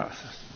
nás.